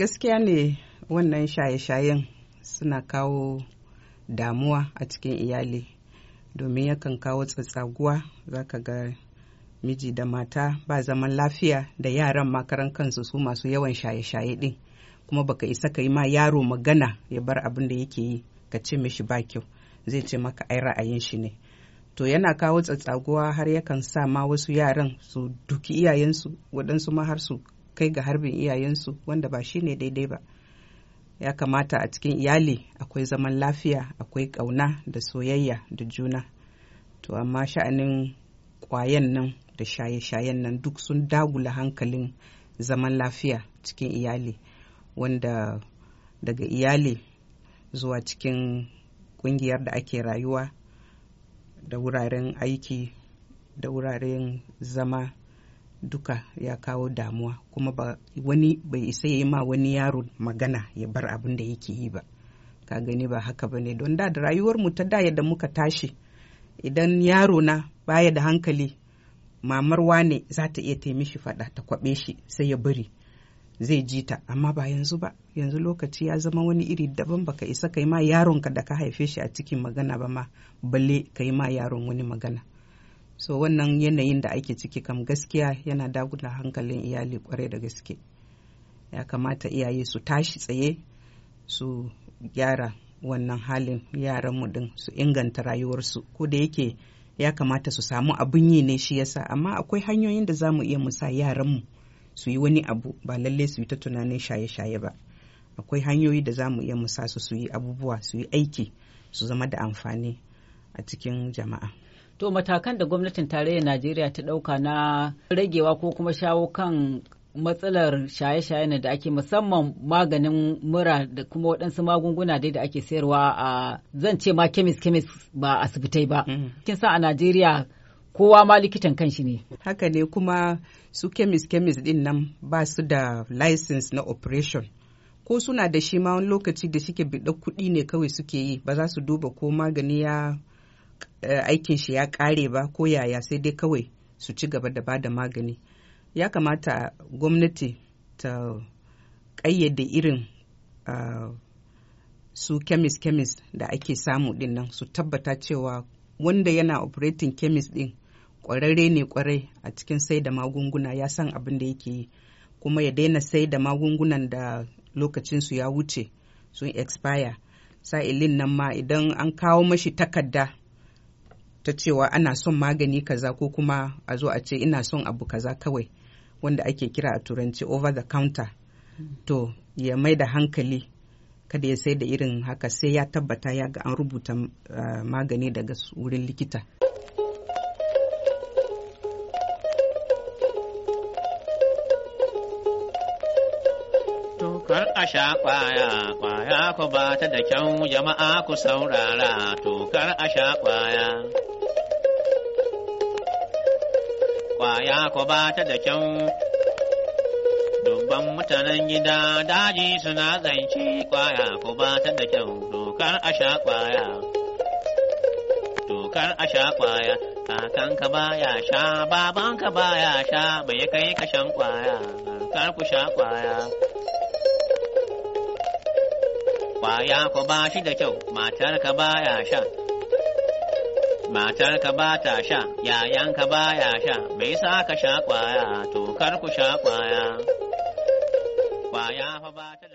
Gaskiya ne wannan shaye-shayen suna kawo damuwa a cikin iyali domin yakan kawo tsatsaguwa za ka ga miji da mata ba zaman lafiya da yaran makaran kansu su masu yawan shaye-shaye din kuma baka isa ka yi ma yaro magana ya bar abin da yake yi ka ce mishi ba kyau zai ce maka ai ra'ayin shi ne to yana kawo tsatsaguwa har yakan sa ma wasu yaran su duki iyayensu waɗansu ma har su kai ga harbin iyayensu wanda ba shi ne daidai ba ya kamata a cikin iyali akwai zaman lafiya akwai ƙauna da soyayya da juna to amma sha'anin kwayan nan da shaye-shayen nan duk sun dagula hankalin zaman lafiya cikin iyali wanda daga iyali zuwa cikin ƙungiyar da ake rayuwa da wuraren aiki da wuraren zama duka ya kawo damuwa kuma ba wani bai isa ya yi ma wani yaro magana ya bar abin da yake yi ba ka gani ba haka ba ne don da da rayuwar mu ta da muka tashi idan yaro na baya da hankali mamar wane za ta iya taimishi fada ta kwabe shi sai ya bari zai ji ta amma ba yanzu ba yanzu lokaci ya zama wani iri daban baka isa kai ma yaron ka da ka haife shi a cikin magana ba ma balle kai ma yaron wani magana so wannan yanayin da ake ciki kam gaskiya yana dagula hankalin iyali kwarai da gaske ya kamata iyaye su tashi tsaye su gyara wannan halin yaran din su inganta rayuwarsu ko da yake ya kamata su samu abin yi ne shi yasa amma akwai hanyoyin da za mu iya musa yaranmu su yi wani abu ba lalle su yi ta tunanin shaye-shaye ba akwai hanyoyi da za mu iya musa su su yi abubuwa su yi aiki su zama da amfani a cikin jama'a To matakan da gwamnatin tarayyar Najeriya ta ɗauka na ragewa ko kuma shawo kan matsalar shaye-shaye da ake musamman maganin mura da kuma waɗansu magunguna dai da ake sayarwa a zan ce ma kemis kemis ba asibitai ba. Mm-hmm. Kin sa a Najeriya kowa ma likitan kanshi ne. Haka ne kuma su kemis kemis din nan ba su da license na operation. Ko suna da shi ma wani lokaci da suke biɗa kuɗi ne kawai suke yi ba za su duba ko magani ya Eh, aikin shi ya kare ba ko yaya sai dai kawai su ci gaba da bada magani ya kamata gwamnati ta kayyade irin ah, su kemis kemis da ake samu dinnan su tabbata cewa wanda yana operating kemis din kwararre ne kwarai a cikin sai da magunguna ya san abin da yake yi kuma ya daina sai da magungunan da lokacinsu ya wuce sun expire sa'ilin nan ma idan an kawo mashi takarda ta cewa ana son magani kaza ko kuma a zo a ce ina son abu kaza kawai wanda ake kira a turanci over the counter to ya mai da hankali kada ya sai da irin haka sai ya tabbata ya ga an rubuta eh, magani daga wurin likita Kar a sha kwaya, kwaya ku ba ta da kyau jama'a ku saurara, to kar a sha kwaya. kwaya ko ba ta da kyau. Dubban mutanen gida daji suna zance kwaya ko ba ta da kyau dokar a sha kwaya. Dokar a sha kwaya, kakanka ba ya sha, babanka ba ya sha, bai kai kashan kwaya, kar ku sha kwaya. Kwaya ko ba shi da kyau, matar ka ba ya sha. matarka ba ta sha yayanka ba ya sha me yasa ka sha kwaya to kar ku sha kwaya kwaya fa ba ta